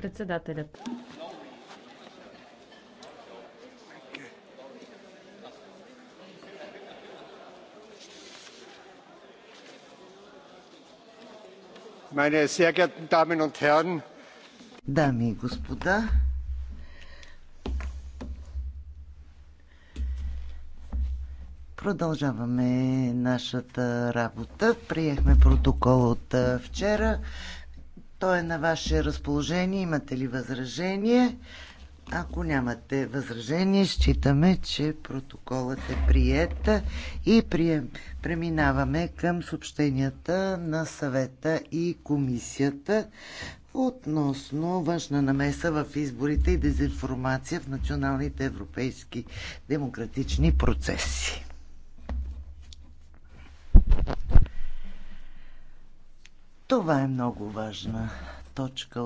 Председателят. Meine sehr geehrten Damen und Herren, Дами и господа, Продължаваме нашата работа. Приехме протокол от вчера. Той е на ваше разположение. Имате ли възражение? Ако нямате възражение, считаме, че протоколът е прият и прием. преминаваме към съобщенията на съвета и комисията относно външна намеса в изборите и дезинформация в националните европейски демократични процеси. Това е много важна точка от